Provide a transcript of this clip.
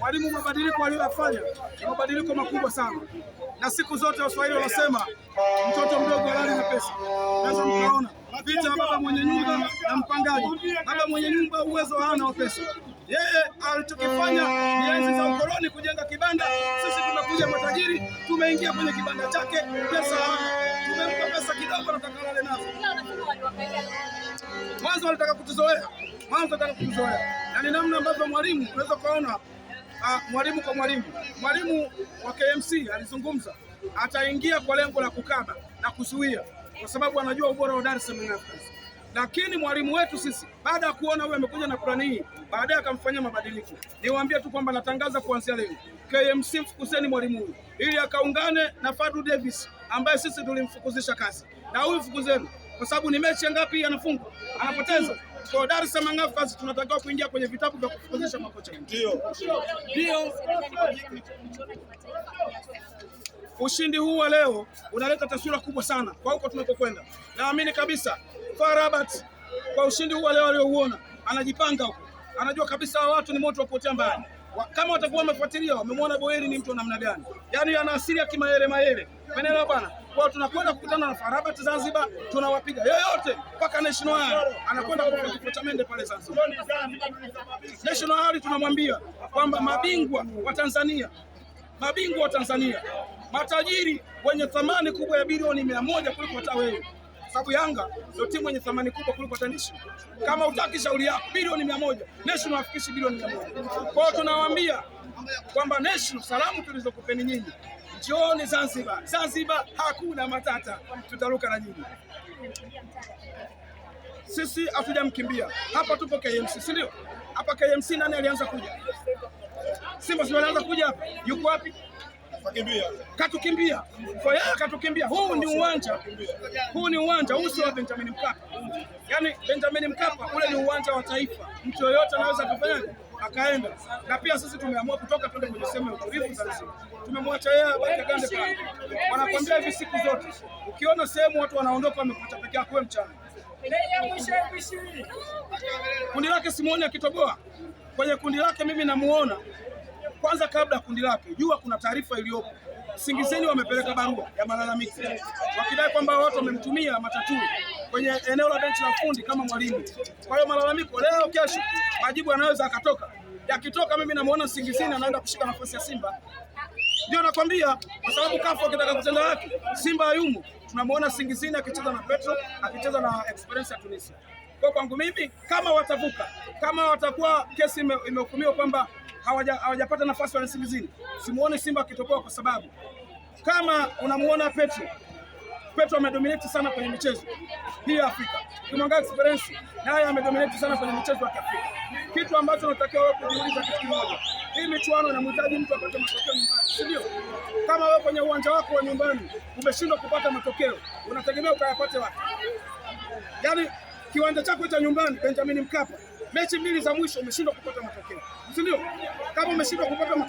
Mwalimu, mabadiliko aliyoyafanya ni mabadiliko makubwa sana, na siku zote waswahili wanasema mtoto mdogo alali na pesa. Naweza mkaona vita baba mwenye nyumba na mpangaji. Baba mwenye nyumba uwezo hana wa pesa, yeye alichokifanya ni enzi za ukoloni kujenga kibanda. Sisi tumekuja matajiri, tumeingia kwenye kibanda chake, pesa tumempa pesa kidogo, nataka lale nazo. Mwanzo alitaka kutuzoea, mwanzo alitaka kutuzoea, na ni namna ambavyo mwalimu unaweza ukaona Ah, mwalimu kwa mwalimu. Mwalimu wa KMC alizungumza ataingia kwa lengo la kukaba na kuzuia, kwa sababu anajua ubora wa Dar es Salaam Africans. Lakini mwalimu wetu sisi, baada ya kuona huyu amekuja na plani hii, baadaye akamfanyia mabadiliko. Niwaambie tu kwamba natangaza kuanzia leo, KMC mfukuzeni mwalimu huyu ili akaungane na Fadu Davis ambaye sisi tulimfukuzisha kazi, na huyu mfukuzeni, kwa sababu ni mechi ngapi anafungwa anapoteza kwa Dar es Salaam Africans tunatakiwa kuingia kwenye vitabu vya kufundisha makocha. Ndio. Ndio. Ushindi huu wa leo unaleta taswira kubwa sana kwa huko tunakokwenda. Naamini kabisa kwa Rabat kwa ushindi huu wa leo aliouona, anajipanga huko, anajua kabisa hawa watu ni moto wa kupotea mbali. Kama watakuwa wamefuatilia, wamemwona Boeri ni mtu wa namna gani, yaani ana asili ya kimayele mayele, umeelewa bwana. Kwa tunakwenda kukutana na Farabat Zanzibar, tunawapiga yoyote mpaka national anakwenda kwa kifo cha mende pale Zanzibar. National tunamwambia kwamba mabingwa wa Tanzania, mabingwa wa Tanzania, matajiri wenye thamani kubwa ya bilioni mia moja kuliko hata wewe sababu Yanga ndio timu yenye thamani kubwa kuliko Tanishi. Kama utaki shauri yako bilioni mia moja National hafikishi bilioni mia moja Kwa hiyo tunawaambia kwamba National, salamu tulizokupeni nyinyi John Zanzibar. Zanzibar hakuna matata, tutaruka na nyinyi. Sisi hatujamkimbia hapa, tupo KMC, si ndio? Hapa KMC nani alianza kuja? Simba sio alianza kuja hapa, yuko wapi? Katukimbia Faya, katukimbia. Huu ni uwanja, huu ni uwanja, huu sio wa Benjamin Mkapa. Yaani Benjamin Mkapa ule ni uwanja wa taifa, mtu yoyote anaweza kufanya akaenda, na pia sisi tumeamua kutoka tuende kwenye sehemu ya utulivu Zanzibar. Tumemwacha yeye abaki gande pale. Wanakwambia hivi siku zote, ukiona sehemu watu wanaondoka wamekuta peke yako wewe mchana. Kundi lake simuoni akitoboa kwenye kundi lake, mimi namuona kwanza kabla ya kundi lake. Jua kuna taarifa iliyopo Singizeni wamepeleka barua ya malalamiko wakidai kwamba watu wamemtumia matatu kwenye eneo la benchi la fundi kama mwalimu. Kwa hiyo malalamiko leo, kesho majibu yanaweza akatoka yakitoka, mimi namuona singizini anaenda kushika nafasi ya Simba. Ndio nakwambia, kwa sababu kafu akitaka kutenda haki Simba hayumo. Tunamuona singizini akicheza na Petro, akicheza na Experience ya Tunisia. Kwa kwangu mimi, kama watavuka, kama watakuwa kesi imehukumiwa kwamba hawajapata nafasi wale singizini, simuone Simba akitokoa kwa sababu kama unamuona Petro, Petro amedominate sana kwenye michezo hii ya Afrika Kimwanga Experience naye amedominate sana kwenye michezo ya Afrika. Kitu ambacho unatakiwa wewe kujiuliza kitu kimoja, hii michuano inamhitaji mtu apate matokeo nyumbani, si ndio? Kama wewe kwenye uwanja wako wa nyumbani umeshindwa kupata matokeo, unategemea ukayapate wapi? Yaani kiwanja chako cha nyumbani Benjamin Mkapa, mechi mbili za mwisho umeshindwa kupata matokeo, si ndio? Kama umeshindwa kupata